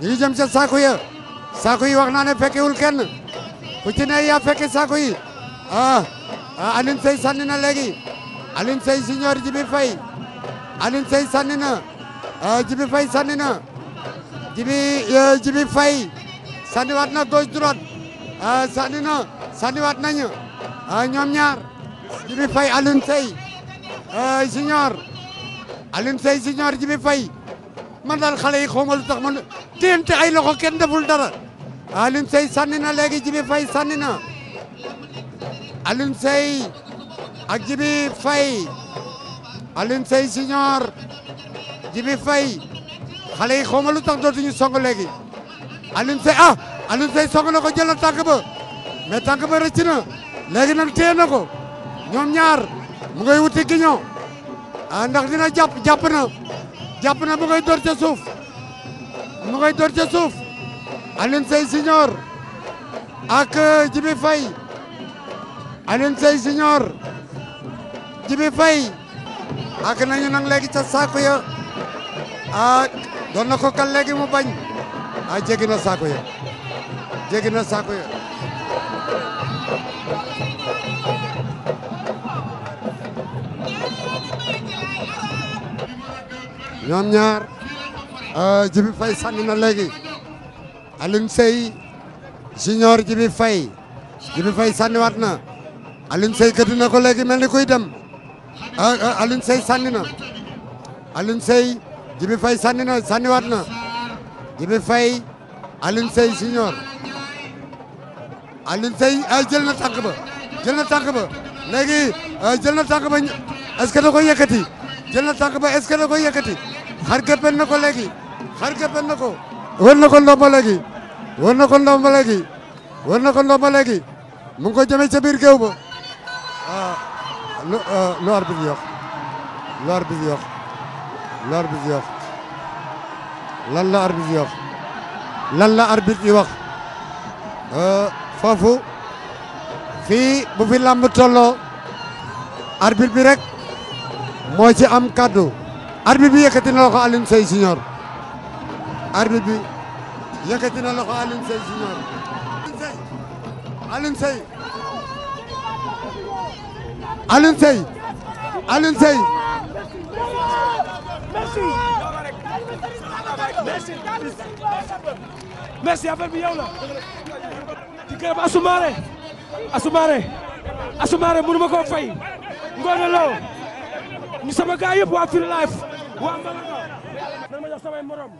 ñi jëm ca saako ya saako yi wax naa ne fekkewul kenn ku ci ne yaa saako yi ah sey ah, Seye sànni na léegi Alioune Seye junior Jibi fay Alioune sey sànni na ah, Jibi Faye sànni na Jibi euh, Jibi Faye sànniwaat na gauche droite ah, sànni na sànniwaat nañu ñoom ñaar Jibi Faye Alioune Seye junior Alioune Seye junior Jibi Faye man xale yi xaw ma tax man téente ay loxo kenn deful dara Alioune sey sànni na léegi Jibi fay sànni na Alioune Seye ak Jibi Faye Alioune Seye senior Jibi Faye xale yi xawma lu tax dootuñu song léegi Alioune Seye ah Alioune Seye song na ko jël na tànk ba mais tànk ba rëcc na léegi nag téye na ko ñoom ñaar mu ngay wuti giño a ah, ndax dina jàpp jàpp na jàpp na mu ngay door suuf mu ngay door ca suuf Alioune Seye Junior ak euh, Djibi Faye Alioune Seye Junior Djibi Faye ak nañu nag léegi ca saako ya a doon na ko kal léegi mu bañ a jéggi na saako ya jéggi na saako ya ñoom ñaar Euh, Jibi Faye sànni na léegi Alioune Seye junior Jibi fay Jibi Faye sànniwaat na Alioune Seye gëdd ko léegi mel ni kuy dem euh, euh, Alioune Seye sànni na Alioune Seye Jibi Faye sànni na sànniwaat na Jibi Faye Alioune Seye junior Alioune Seye jël na tànk ba jël na tànk ba léegi jël na tànk ba est-ce que da koy yëkkati jël na tànk ba est-ce que xar gëppal na ko léegi xar gëppal na ko war na ko ndomba léegi war na ko ndomba léegi war na ko ndomba léegi mu ko jëmee ca biir géew ba ah, lu ah, lu arbitre yox lu arbitre yox lu arbitre lan la arbitre yox lan la arbitre yi wax ah, foofu fii bu fi làmb tolloo arbitre bi rek moo ci am kàddu arbitre bi yëkkati na loxo Alioune Seye Junior arbitre bi yëkkati na loxo Alioune Seye Junior Alioune Seye Alioune Seye Alioune Seye bi yow la di gërëm Asumaare Asumaare Asumaare mënu ma koo fay ngoone loo ñu sama gaay yëpp waa Firlife waaw ah, ma nga nan ma jox samay morom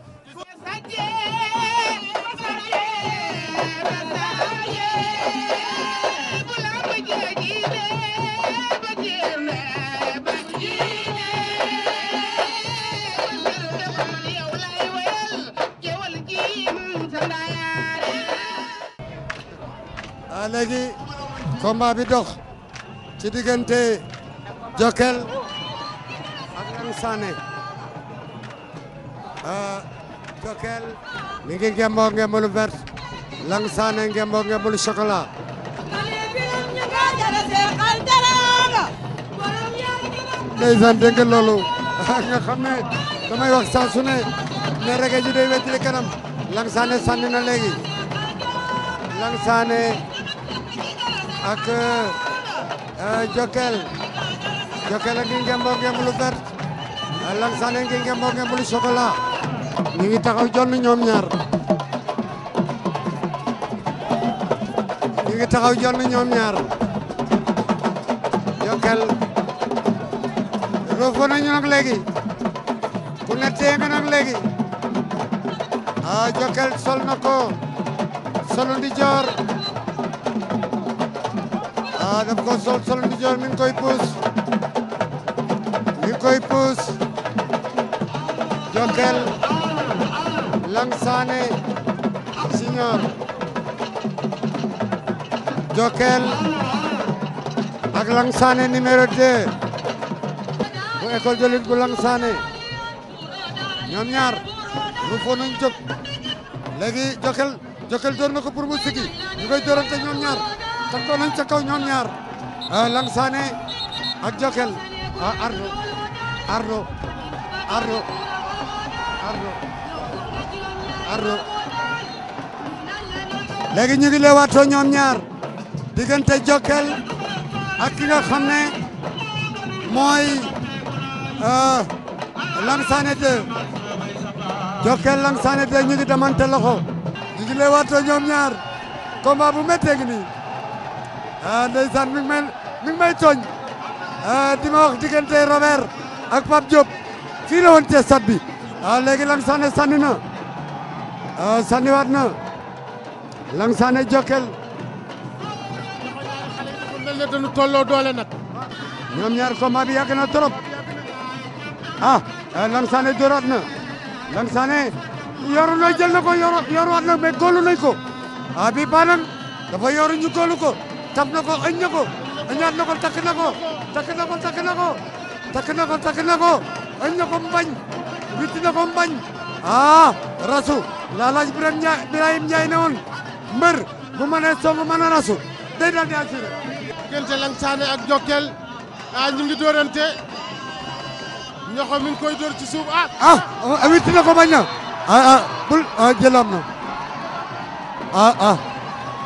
léegi combat bi dox ci diggante Jokal ak Lam Sané Kokel ah, mi ngi ngemboo ngembalu vert Langsane ngemboo ngembalu chocolat ndeysaan dégg loolu nga xam ne damay wax Langsane sànni na léegi ñu ngi taxaw jonn ñoom ñaar ñu ngi taxaw jonn ñoom ñaar Jokal léegi ku ne tee nga nag léegi ah Jokal sol na ko solu ndi joor ah daf ko sol solu ndi joor mi ngi koy puus mi ngi koy puus Jokal Lang Sané Junior Jokkel ak Lang Sané numéro bu école de bu Lang ñoom ñaar lu fo nañ jóg léegi Jokkel Jokkel door na ko pour mu sigi ñu koy ñoom ñaar takkoo nañ ca kaw ñoom ñaar ah, Lang Sané ak Jokkel a ah, ardo léegi ñu ngi leewaatoo ñoom ñaar diggante Jokkel ak ki nga xam ne mooy euh, Lansane 2 Jokkel Lansane 2 ñu ngi damante loxo ñu ngi leewaatoo ñoom ñaar combat bu méttee gi nii ah ndeysaan mi ngi may mi ngi may ah, diggante Robert ak Pape Diop fii la woon ci stade bi ah a euh, sànniwaat na Lang Sané Jokkel mel ne dañu tolloo doole nag ñoom ñaar combat bi yàgg na trop ah euh, Lang Sané na Lang Sané yoru na jël na ko yoruwaat na mais góolu nañ ko a ah, bi banan dafa yoru ñu góolu ko tab na ko ëñ na ko ëñaat na ko takk na ko takk na ko takk na ko takk na ko takk na ko ëñ na mbañ witti na ko mbañ Ah, rasu laalaaj Birame Ndiaye ne woon mbër bu mënee song mën a rasu day daal di assuré. diggante Langsane ak Jokkel ah ñu ngi dóorante ñoxo mi ngi koy dóor ci suuf ah! ah. ah witti na ko bañ na ah ah bul ah jëlaam na ah, ah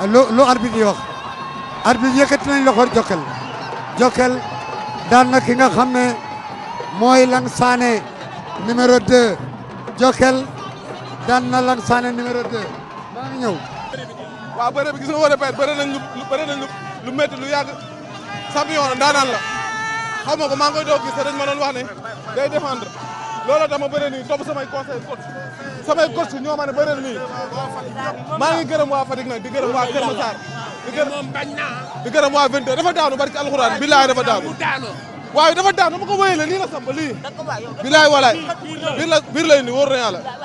ah lu lu arbitre yi wax arbitre Jokkel Jokkel daan na ki nga xam ne mooy Langsane numéro 2. Jokal daan na Lan Sané numéro 2 maa ngi ñëw. waaw bëre bi gis nga war a pet bëre nañ lu bëre nañ lu métti lu yàgg champion la ndaanaan la xam nga ko maa ngi koy gis te dañ ma doon wax ne day défendre looloo tax ma bëre nii topp samay conseil coach samay ñoo ma ne bëre nii maa ngi gërëm waa Fatick nag di gërëm waa Kër Massar di gërëm di gërëm waa 22 dafa daanu barki alxuraan billaay dafa daanu. waaye dafa daan dama ko wéyale lii la samba lii. bilaay walaay biir la biir la ni woor na yàlla.